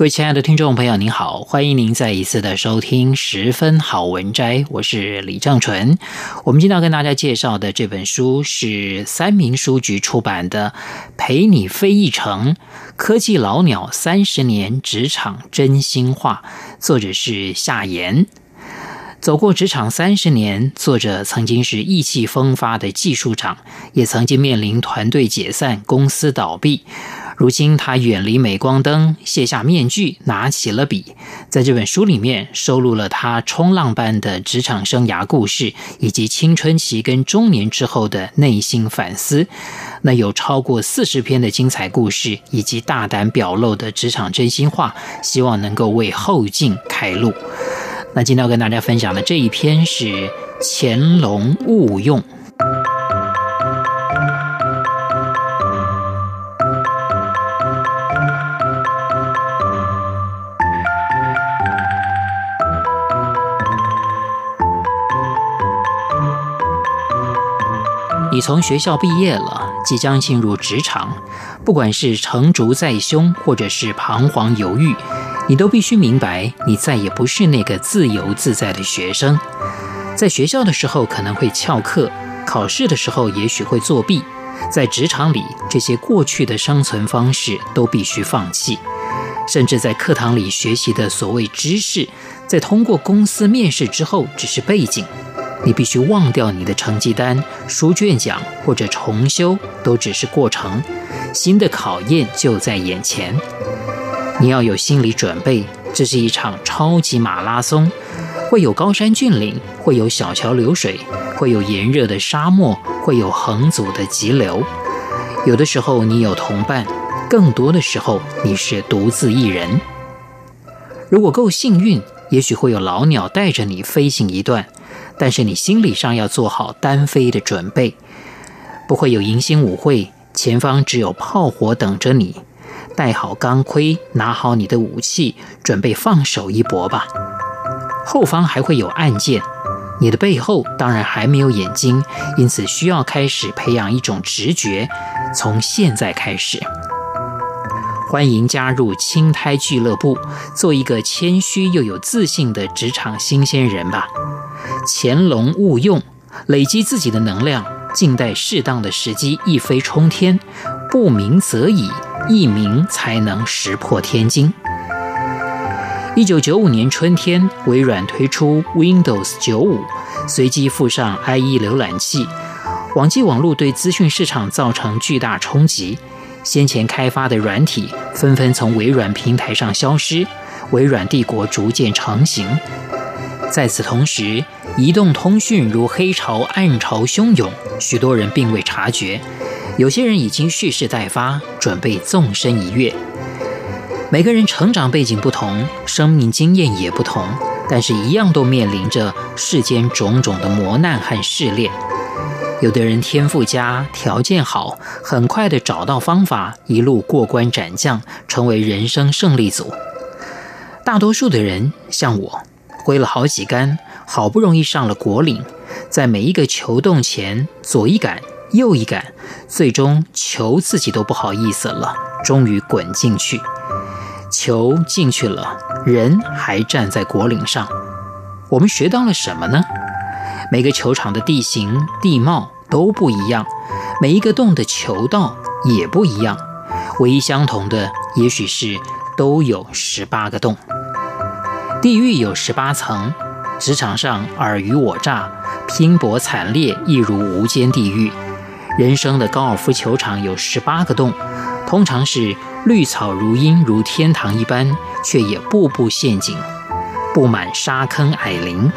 各位親愛的聽眾朋友，您好，歡迎您再一次的收聽《十分好文摘》，我是李正純。我們今天要跟大家介紹的這本書是三民書局出版的《陪你飛一程：科技老鳥三十年職場真心話》，作者是夏研。走過職場三十年，作者曾經是意氣風發的技術長，也曾經面臨團隊解散、公司倒閉。如今他遠離鎂光燈，卸下面具，拿起了筆，在這本書裡面收錄了他衝浪般的職場生涯故事，以及青春期跟中年之後的內心反思。那有超過四十篇的精彩故事，以及大膽表露的職場真心話，希望能夠為後進開路。那今天要跟大家分享的這一篇是《潛龍勿用》。你從學校畢業了，即將進入職場，不管是成竹在胸，或者是彷徨猶豫，你都必須明白，你再也不是那個自由自在的學生。在學校的時候可能會翹課，考試的時候也許會作弊，在職場裡，這些過去的生存方式都必須放棄，甚至在課堂裡學習的所謂知識，在通過公司面試之後只是背景。你必須忘掉你的成績單、書卷獎或者重修，都只是過程。新的考驗就在眼前，你要有心理準備。這是一場超級馬拉松，會有高山峻嶺，會有小橋流水，會有炎熱的沙漠，會有橫阻的急流。有的時候你有同伴，更多的時候你是獨自一人。如果夠幸運，也許會有老鳥帶着你飛行一段。但是你心理上要做好單飛的準備，不會有迎新舞會，前方只有炮火等着你。戴好鋼盔，拿好你的武器，準備放手一搏吧。後方還會有暗箭，你的背後當然還沒有眼睛，因此需要開始培養一種直覺。從現在開始，歡迎加入青苔俱樂部，做一個謙虛又有自信的職場新鮮人吧。潛龍勿用，累積自己的能量，靜待適當的時機一飛衝天。不鳴則已，一鳴才能石破天驚。一九九五年春天，微軟推出 Windows 九五，隨機附上 IE 瀏覽器，網際網路對資訊市場造成巨大衝擊，先前開發的軟體紛紛從微軟平台上消失，微軟帝國逐漸成型。在此同時，移動通訊如黑潮暗潮洶湧，許多人並未察覺，有些人已經蓄勢待發，準備縱身一躍。每個人成長背景不同，生命經驗也不同，但是一樣都面臨着世間種種的磨難和試煉。有的人天賦佳，條件好，很快的找到方法，一路過關斬將，成為人生勝利組。大多數的人，像我。揮了好幾桿，好不容易上了果嶺，在每一個球洞前左一桿右一桿，最終球自己都不好意思了，終於滾進去。球進去了，人還站在果嶺上。我們學到了什麼呢？每個球場的地形地貌都不一樣，每一個洞的球道也不一樣，唯一相同的也許是都有十八個洞。地獄有十八層，職場上爾虞我詐，拼搏慘烈，亦如無間地獄。人生的高爾夫球場有十八個洞，通常是綠草如茵，如天堂一般，卻也步步陷阱，布滿沙坑、矮林。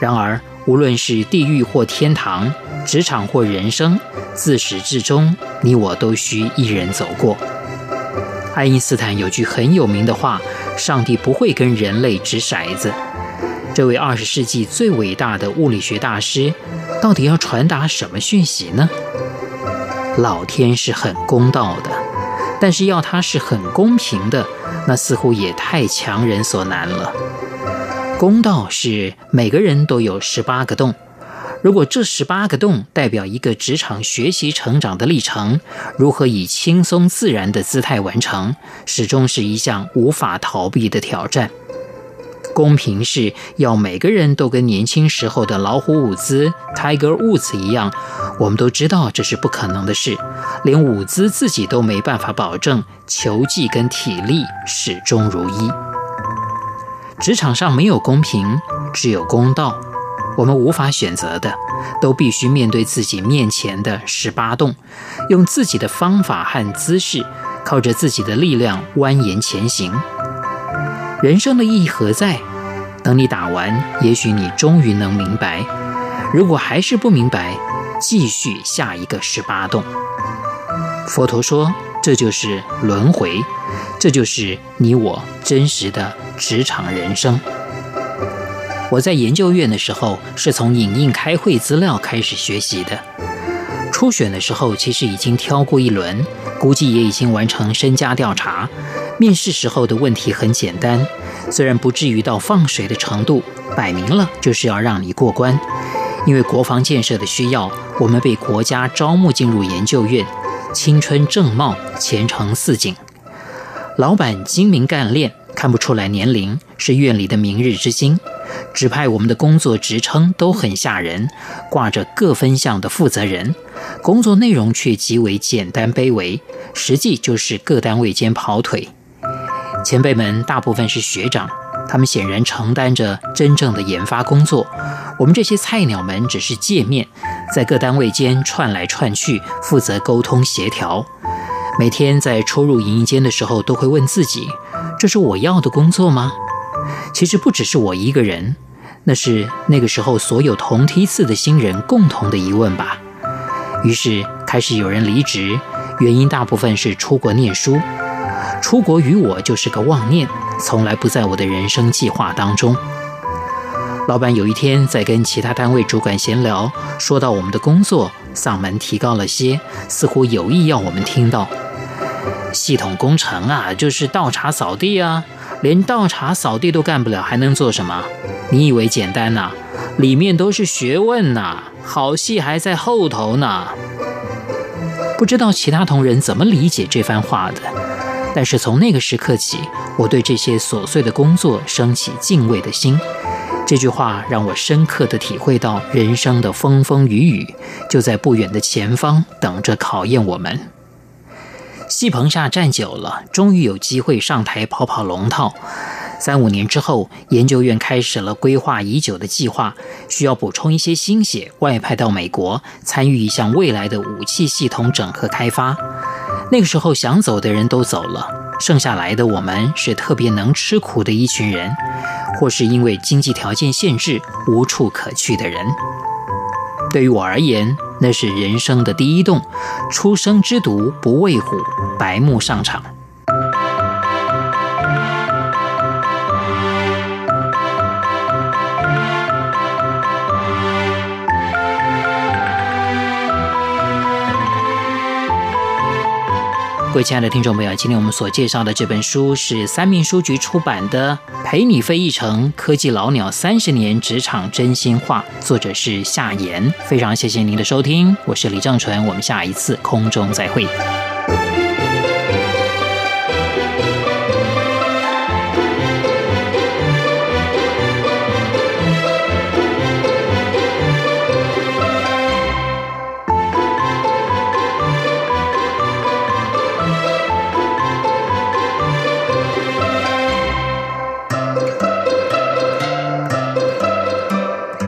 然而，無論是地獄或天堂，職場或人生，自始至終，你我都需一人走過。愛因斯坦有句很有名的話。上帝不會跟人類擲骰子。這位二十世紀最偉大的物理學大師，到底要傳達什麼訊息呢？老天是很公道的，但是要他是很公平的，那似乎也太強人所難了。公道是每個人都有十八個洞，如果這十八個洞代表一個職場學習成長的歷程，如何以輕鬆自然的姿態完成，始終是一項無法逃避的挑戰。公平是要每個人都跟年輕時候的老虎伍茲、Tiger Woods 一樣，我們都知道這是不可能的事，連伍茲自己都沒辦法保證球技跟體力始終如一。職場上沒有公平，只有公道。我們無法選擇的，都必須面對自己面前的十八洞，用自己的方法和姿勢，靠着自己的力量蜿蜒前行。人生的意義何在？等你打完，也許你終於能明白。如果還是不明白，繼續下一個十八洞。佛陀說，這就是輪迴，這就是你我真實的職場人生。我在研究院的時候，是從影印開會資料開始學習的。初選的時候，其實已經挑過一輪，估計也已經完成身家調查。面試時候的問題很簡單，雖然不至於到放水的程度，擺明了就是要讓你過關。因為國防建設的需要，我們被國家招募進入研究院，青春正茂，前程似錦。老闆精明幹練，看不出來年齡，是院裡的明日之星。指派我們的工作職稱都很嚇人，掛着各分項的負責人，工作內容卻極為簡單卑微，實際就是各單位間跑腿。前輩們大部分是學長，他們顯然承擔着真正的研發工作，我們這些菜鳥們只是界面，在各單位間串來串去，負責溝通協調。每天在出入營業間的時候，都會問自己：這是我要的工作嗎？其實不只是我一個人，那是那個時候所有同梯次的新人共同的疑問吧。於是開始有人離職，原因大部分是出國念書。出國於我就是個妄念，從來不在我的人生計劃當中。老闆有一天在跟其他單位主管閒聊，說到我們的工作，嗓門提高了些，似乎有意要我們聽到。系統工程啊，就是倒茶掃地啊，連倒茶掃地都幹不了，還能做什麼？你以為簡單吶？裡面都是學問吶！好戲還在後頭呢。不知道其他同仁怎麼理解這番話的，但是從那個時刻起，我對這些瑣碎的工作升起敬畏的心。這句話讓我深刻的體會到，人生的風風雨雨就在不遠的前方等着考驗我們。戲棚下站久了，終於有機會上台跑跑龍套。三五年之後，研究院開始了規劃已久的計劃，需要補充一些新血，外派到美國參與一項未來的武器系統整合開發。那個時候，想走的人都走了，剩下來的我們是特別能吃苦的一群人，或是因為經濟條件限制無處可去的人。對於我而言，那是人生的第一洞。初生之犢不畏虎，白目上場。各位親愛的聽眾朋友，今天我們所介紹的這本書是三民書局出版的《陪你飛一程：科技老鳥三十年職場真心話》，作者是夏研。非常謝謝您的收聽，我是李正淳，我們下一次空中再會。